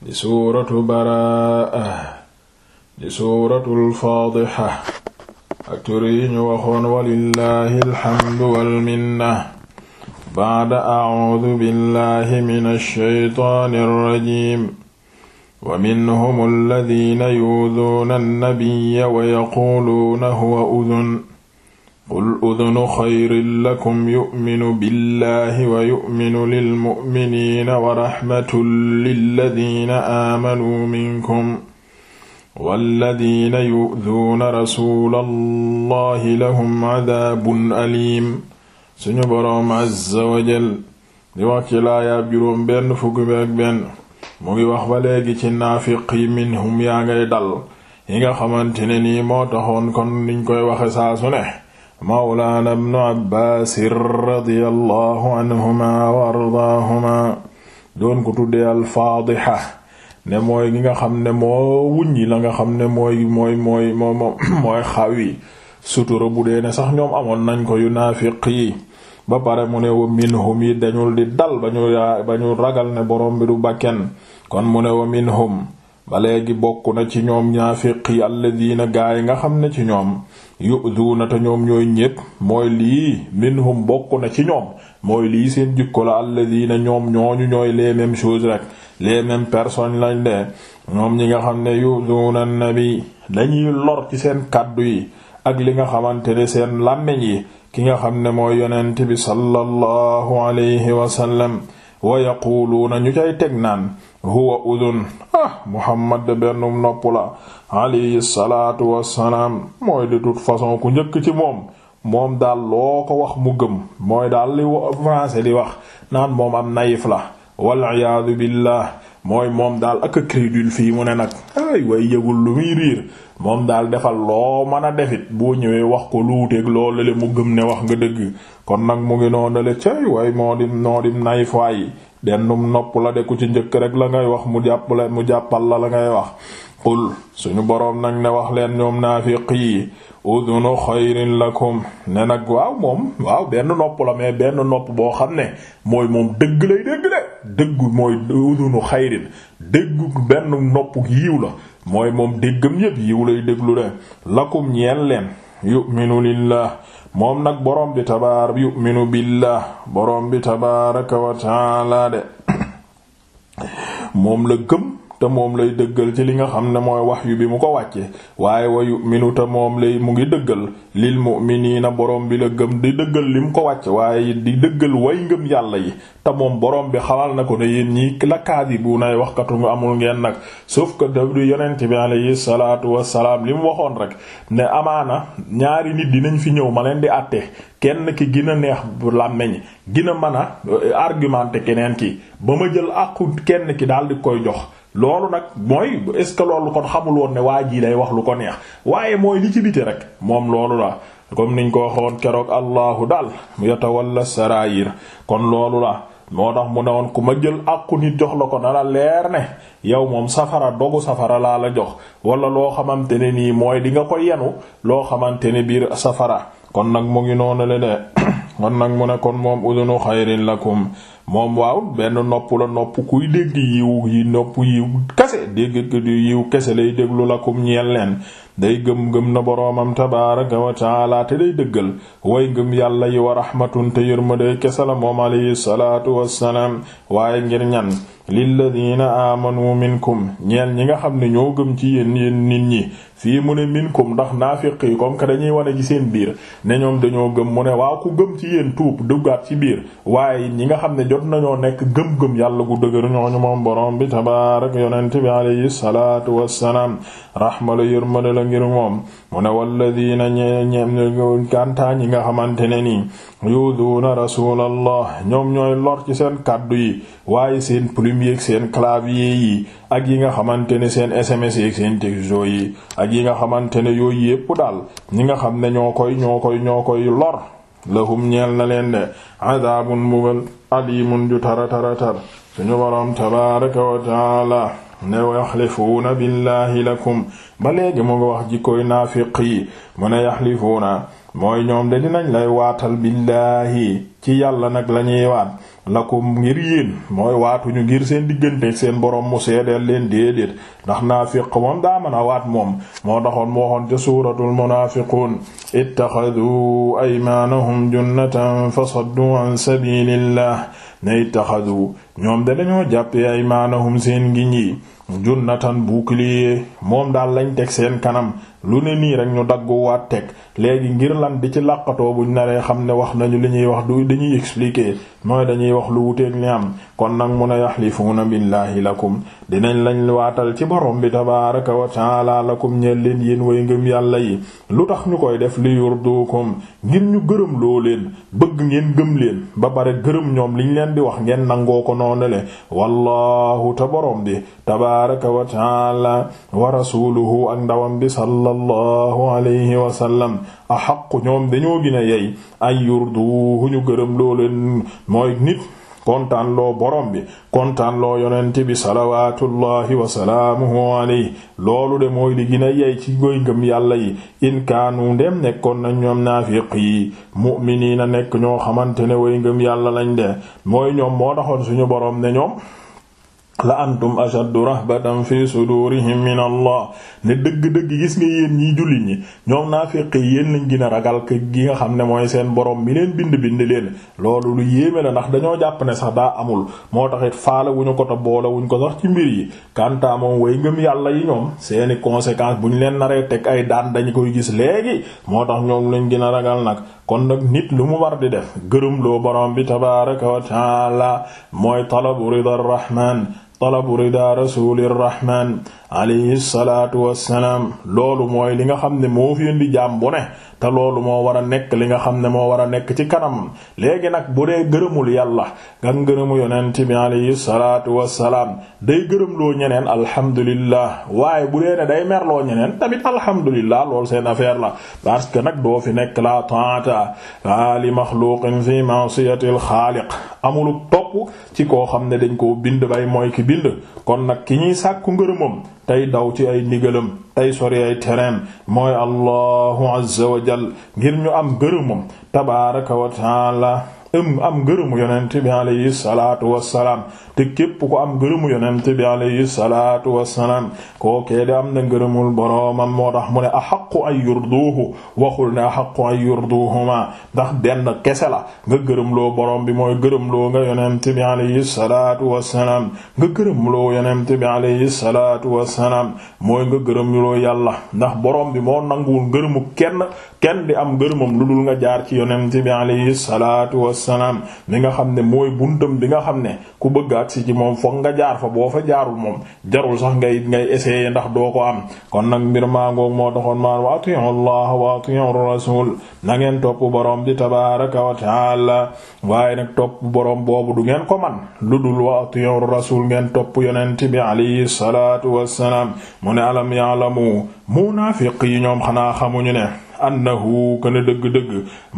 di suuratu baraa di suuratul faadixa ak tur yi ñu waxoon walillahi alhamdu walminna baada acuudu billahi min alshaytaani alrajim wa minhum alladina yuuduuna annabiya wa yaquuluuna huwa udun qul udunu xayrin lakum yuminu billahi wa yuminu lilmuminina wa raxmatu liladina aamanuu minkum walladina yuduuna rasula allahi lahum cadaabun aliim suñu boroom azza wa jal di wax ci laayaab juróom benn fukki bi ak benn mu ngi wax ba léegi ci naafiq yi minhum yaa ngay dal yi nga xamante ne nii moo taxoon kon niñ koy waxe saa su ne mawlaana ibnu abbaasin anhuma wa doon ko tuddee alfaadixa ne mooy gi nga xam ne moo wuññi la nga xam ne mooy mooy mooy moo mooy xaw yi sutura bu dee ne sax ñoom amoon nañ ko yu naafiq yi ba pare mu ne wa minhum yi dañul di dal ba ba ñu ragal ne borom bi du bàkken kon mu ne wa minhum ba léegi bokk na ci ñoom ñaafiqi alladina gaa yi nga xam ne ci ñoom na te ñoom ñooy ñépp mooy lii minhum bokk na ci ñoom mooy lii seen jikko la alladina ñoom ñooñu ñooy les mêmes choses rek les mêmes personnes lañ de ñoom ñi nga xam ne na nabi dañuy lor ci seen kàddu yi ak li nga xamante ne seen làmmiñ yi ki nga xam ne mooy yonent bi sallallahu alayhi wa sallam wa yaquluuna ñu cay teg naan huwa udun ah Muhammad de nopp la alayhi salaatu wassalaam mooy de toute façon ku njëkk ci moom moom daal loo ko wax mu gëm mooy daal li di wax naan moom am naïf la waliyaadu billah mooy moom daal ak crédule fii mu ne nag ay way yëgul lu muy riir moom daal defal loo mën a defit boo ñëwee wax ko luuteeg loolu le mu gëm ne wax nga dëgg kon nag mu ngi noonale cay way moo dim noo dim naïf waayi dennum nopp la de ku ci njëkk rek la ngay wax mu jàpp jàppale mu jàppal la la ngay wax qul suñu boroom nag ne wax leen ñoom naafiq yi udunu xayrin lakum ne nag waaw moom waaw benn nopp la mais benn nopp boo xam ne mooy moom dëgg lay dëgg de dëgg mooy udunu xayrin dëgg benn nopp yiw la mooy moom déggam yépp yiw lay déglu de lakum ñeel leen yu'minu lillah moom nag borom bi tabaar yu'minu billah borom bi tabaaraka wa taala de moom la gëm te moom lay dëggal ci li nga xam ne mooy wax yu bi mu ko wàcce waaye wa yuminu te moom lay mu ngi dëggal lil mu'miniina borom bi la gëm di dëggal li mu ko wàcce waaye di dëggal way ngëm yàlla yi te moom borom bi xamal na ko ne yéen ñii la kaasi bu nay waxkatu nga amul ngeen nag sauf ko daf du yonent bi alayhi salaatu wassalaam li mu waxoon rek ne amaana ñaari nit dinañ fi ñëw ma leen di àtte kenn ki gën a neex làmmiñ gën a mën a euh, argumenter keneen ki ba ma jël àqu kenn ki daal di koy jox loolu nag mooy est-ce que loolu kon xamul woon ne waa jii lay wax lu ko neex waaye mooy li ci biti rek moom loolu la comme niñ ko waxoon keroog allahu daal yatawalla saraayir kon loolu la moo tax mu ne ku ma jël àqu nit jox la ko na leer ne yow moom safara dogu safara laa la jox wala loo xamante ne nii mooy di nga ko yenu loo xamante ne biir safara kon nag mu ngi noonu le de kon nag mu ne kon moom udunu xayrin lakum moom waaw benn nopp la nopp kuy dégg yiw yi nopp yiw kese dégg yiw kese lay déglu la lakum ñeel leen day gëm gëm na boroomam tabaaraka wa taala te day dëggal way ngëm yàlla yi wa rahmatun te yërmande kese la moom alayhi salaatu wassalaam waaye ngir ñan lilladina amanu minkum ñeel ñi nga xam ne ñoo gëm ci yéen yéen nit ñi fii mu ne minkum ndax naafiq yi comme que dañuy wane ci seen biir ne ñoom dañoo gëm mu ne waaw ku gëm ci yéen tuub duggaat ci biir waaye ñi nga xam ne jot nañoo nekk gëm-gëm yàlla gu dëgër ñooñu moom borom bi tabaarak yonent bi alayhi salaatu ngir moom mu ne walladina ñeñeñ kàntaa ñi nga xamante ne nii yuduuna rasulallah ñoom ñooy lor ci seen kaddu yi waaye seen plume yi seen clavier yi ak yi nga xamante ne seen sms yi seen texto yi ak yi nga xamante ne yooyu yépp daal ñi nga xam ne ñoo koy ñoo koy ñoo koy lor lahum ñeel na leen de adaabun mbugal alimun ju tara tara tar suñu boroom tabaaraka wa ne yaxlifuuna billahi lakum ba léegi mu ngi wax jikkoy naafiq yi mu ne yaxlifuuna mooy ñoom de dinañ lay waatal billaahi ci yàlla nag lañuy waat lakum ngir yéen mooy waatuñu ngir seen digganteeg seen borom mu seedeel leen déedéet ndax naafiq moom daa mën a waat moom moo taxoon moo xoon ca suuratul munaafiquun ittaxadu aymaanahum junnatan fa saddu an sabilillah ne ittaxadu ñoom de dañoo jàppee aymaanahum seen ngiñ yi junnatan bouclier moom daal lañ teg seen kanam lu ne nii rek ñu dagguwaat teg léegi ngir lan bi ci làqatoo bu buñ naree xam ne wax nañu li ñuy wax du dañuy expliquer mooy dañuy wax lu wuteeg li am kon nag mun a yaxlifuuna billaahi lakum dinañ lañ waatal ci borom bi tabaaraka wa taala lakum ñeel leen yéen way ngëm yàlla yi lu tax ñu koy def li yurdukum ngir ñu gërëm loo bëgg ngeen gëm leen ba pare gërëm ñoom liñ leen di wax ngeen nangoo ko noonu le wallahu ta borom bi tabaaraka wa taala wa ak ndawam bi sallallahu alayhi wa sallam axaqu ñoom dañoo gën a yey ay yurduhu ñu gërëm looleen mooy nit kontaanloo loo borom bi kontaan loo yonente bi salawatullahi wa salaamuhu alayhi loolu de mooy li gën a yey ci goy gëm yàlla yi in kaanu ndem nekkoon nañ ñoom naafiq yi mu'miniina nekk ñoo xamante ne way ngëm yàlla lañ de mooy ñoom moo taxoon suñu borom ne ñoom la antum ashaddu rahbatan fi sudurihim min allah ne dëgg-dëgg gis nga yéen ñiy jullit ñi ñoom naa yi yéen lañ gën a ragal ke gi nga xam ne mooy seen borom mi leen bind bind leen loolu lu yéeme la ndax dañoo jàpp ne sax daa amul moo taxit faale wu ñu ko ta boole wuñ ko sax ci mbir yi kanta moom way ngëm yàlla yi ñoom seeni conséquence bu ñu leen naree teg ay daan dañu koy gis léegi moo tax ñoom lañ gën a ragal nag kon nag nit lu mu war di def gërëm loo borom bi tabaraka wa taala mooy talabu ridar rahman talabu rida rasulirrahman alayhi salaatu wassalaam loolu mooy li nga xam ne moo fi indi jaam bu ne te loolu moo war a nekk li nga xam ne moo war a nekk ci kanam léegi nag bu dee gërëmul yàlla nga gërëmu yonent bi alayhi salaatu wassalaam day gërëmloo ñeneen alhamdulillah waaye bu dee ne day merloo ñeneen tamit alhamdulillah lool seen affaire la parce que nag doo fi nekk la taata li maxluuqin fi ma'siyati al xaaliq amul topp ci koo xam ne dañ koo bind bay mooy ki bind kon nag ki ñuy sàkku ngërëmam tey daw ci ay ndigalam tey sori ay tereem mooy allahu azza wa jal ngir ñu am ngërëmam tabaaraka wa taala am ngërëmu yonent bi alayhi salaatu wassalaam te képp ko am ngërëmu yonent bi alayhi salaatu wassalaam koo am na ngërëmul boroomam moo tax mu ne axaqu ay yurduuhu waxul ne axaqu ay yurduuhuma ndax benn kese la nga gërëmloo boroom bi mooy gërëmloo nga yonent bi alayhi salaatu wassalaam nga gërëmloo yonent bi alayhi salaatu wassalaam mooy nga gërëmloo yàlla ndax boroom bi moo nanguwul ngërëmu kenn kenn di am ngërëmam lu dul nga jaar ci yonent bi alayhi salaatu wassalaam mi nga xam ne mooy buntam bi nga xam ne ku bëgg agsi ci moom fokk nga jaar fa boo fa jaarul moom jarul sax ngay ngay essayer ndax doo ko am kon nag mbir maa ngoog moo taxoon maan wa atiyu allah na ngeen topp boroom di tabaraka wa taala waaye nag topp boroom boobu du ngeen ko man lu dul wa atiyu rasul ngeen topp yonent bi alayhi salaatu wassalaam mu ne alam ya'lamu munaafiq yi ñoom xanaa xamuñu ne annahu kana dëgg-dëgg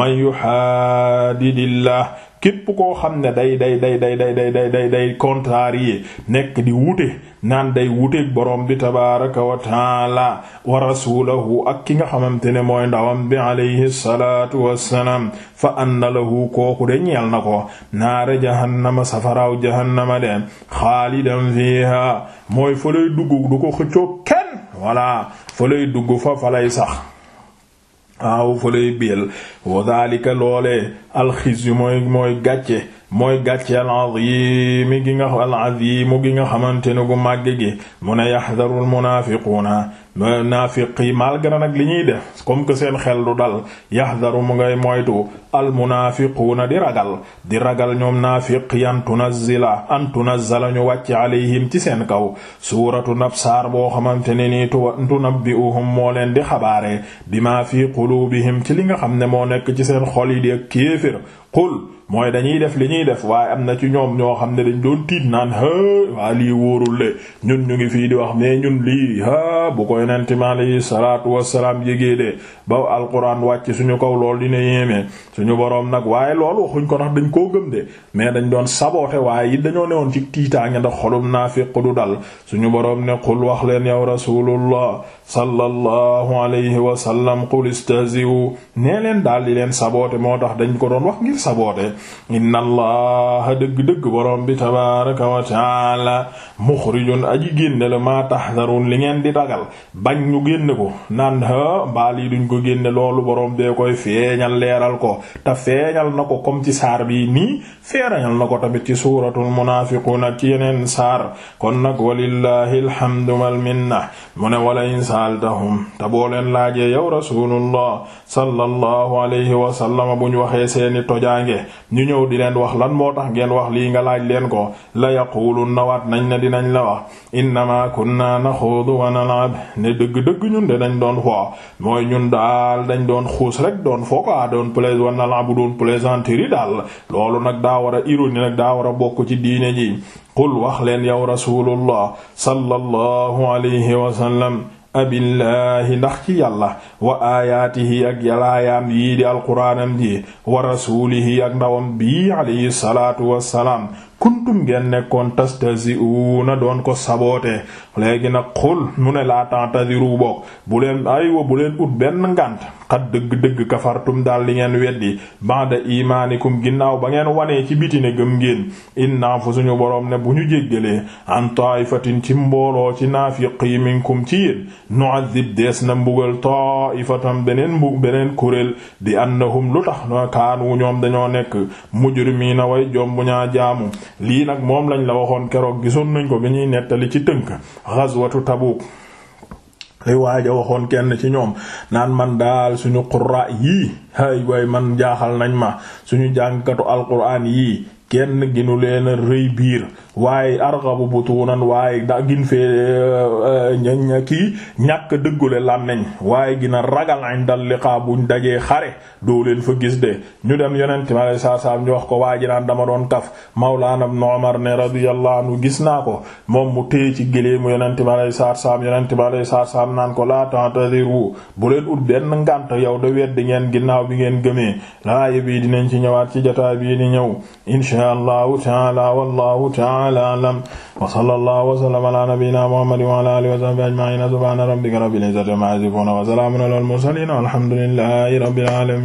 man yuhaadidillah képp koo xam ne day day day day day day day day day contrarier nekk di wute naan day wuteeg borom bi tabaraka wa taala wa rasulahu ak ki nga xamante ne mooy ndawam bi alayhi salaatu wassalaam fa anna lahu kooku de ñeel na ko naara jahannama safaraw jahannama de xaalidan fiiha mooy fa lay dugg du ko xëccoo kenn wala fa lay dugg fa fa sax aw fa lay biel wa daalika loolee alxis yu mooy mooy gàcce mooy gàcce al azimi gi nga al azimu gi nga xamante ne gu màgg gi mu ne yaxdaru al naafiq yi malgré nag li ñuy def comme que seen xel du dal yahdaru mu ngay moytu al munaafiquuna di ragal di ragal ñoom naafiq yi an tunazzila an tunazzala ñu wàcc alayhim ci seen kaw suuratu nabsaar boo xamante ne nii tunabbi'uhum moo leen di xabaare bima fi quluubihim ci li nga xam ne moo nekk ci seen xol yi di ak kéefër qul mooy dañuy def li ñuy def waaye am na ci ñoom ñoo xam ne dañ doon tiit naan hë waa lii wóorul de ñun ñu ngi fii di wax mais ñun lii ha bu ko yonent mi alayhi salaatu wassalaam yégee de ba alquran wàcc suñu kaw lool dina yéeme suñu boroom nag waaye lool waxuñ ko ndax dañ koo gëm de mais dañ doon saboote waaye it dañoo newoon ci tiitaange ndax xolum naafiq du dal suñu boroom ne qul wax leen yow rasulullah sallallahu alayhi wa sallam qul istahzi'u nee leen daal di leen saboote moo tax dañ ko doon wax ngir saboote inna allaha dëgg-dëgg borom bi tabaraka wa taala mukhrijun aji génne la maa tahzarun li ngeen di dagal bañ ñu génne ko nan ha mbaal yi duñ ko génne loolu borom bee koy feeñal leeral ko ta feeñal na ko comme ci saar bi nii feeñal na ko tamit ci suuratul munaafiqun na ci yeneen saar kon nag walillahi alhamdu wal minna mu wala insa sa'altahum te boo leen laajee yow rasulullah sallallahu alayhi wa sallam bu ñu waxee seeni tojaange ñu ñëw di leen wax lan moo tax ngeen wax lii nga laaj leen ko la yaqulunna waat nañ ne dinañ la wax innama kunna naxuudu wa nal'ab ne dëgg-dëgg ñun de dañ doon fo mooy ñun daal dañ doon xuus rek doon foo ko doon plaise wa nal'abu doon plaisanterie daal loolu nag daa war a ironie nag daa war a bokk ci diine ji qul wax leen yow rasulullah sallallahu alayhi wa abillahi ndax ci yàlla wa aayaatihi ak yalaayaam yii di alquraanam ji wa rasuulihi ak ndawam bii alayhi salaatu wassalaam kuntum ngeen nekkoon tastahzi'una doon ko sabootee léegi na xul mu ne laa ta'tadiru bokk bu leen aywa bu leen ut benn ngànt xat dëgg-dëgg kafartum daal li ngeen weddi ba'da imaanikum ginnaaw ba ngeen wanee ci biti ne gëm ngeen inna fu suñu boroom ne bu ñu jéggalee an ta'ifatin ci mbooloo ci naafiqi minkum ci yéen nu'adhib dees na mbugal ta'ifatan beneen mbug beneen kuréel di annahum lu tax kaanu ñoom dañoo nekk mujrimiina way jombu ñaa jaamu lii nag moom lañ la waxoon keroog gisoon nañ ko bi ñuy nettali ci tënk watu Tabuk li waaja waxoon kenn ci ñoom naan man daal suñu qurra yii hay way man jaaxal nañ ma suñu jàngkatu alquran yii kenn ginu leen a rëy biir waaye arghabu butunan waaye da gin fee euh, euh, kii ñàkk dëggule làmmeñ waaye gina ragal indal liqaa buñ dajee xare doo leen fa gis de ñu dem yonent mi alayhi salaam ñu wax ko waa ji naan dama doon kaf mawlaana ibn Umar ne radiyallahu anhu gis naa ko moom mu téye ci gëlee mu yonent mi alayhi salaam yonent mi alayhi salaam naan ko laa ta'tadiru bu leen ut benn yow de weddi ngeen ginnaaw bi ngeen gëmee laaye bii dinañ ci ñëwaat ci jotaay bii di ñëw inshaa Allahu ta'ala ta'ala a'lam wa sallallahu wa sallama ala nabiyyina muhammadin wa ala alihi wa sahbihi ajma'in subhana rabbika rabbil izzati amma yasifun wa salamun alal mursalin walhamdulillahi rabbil alamin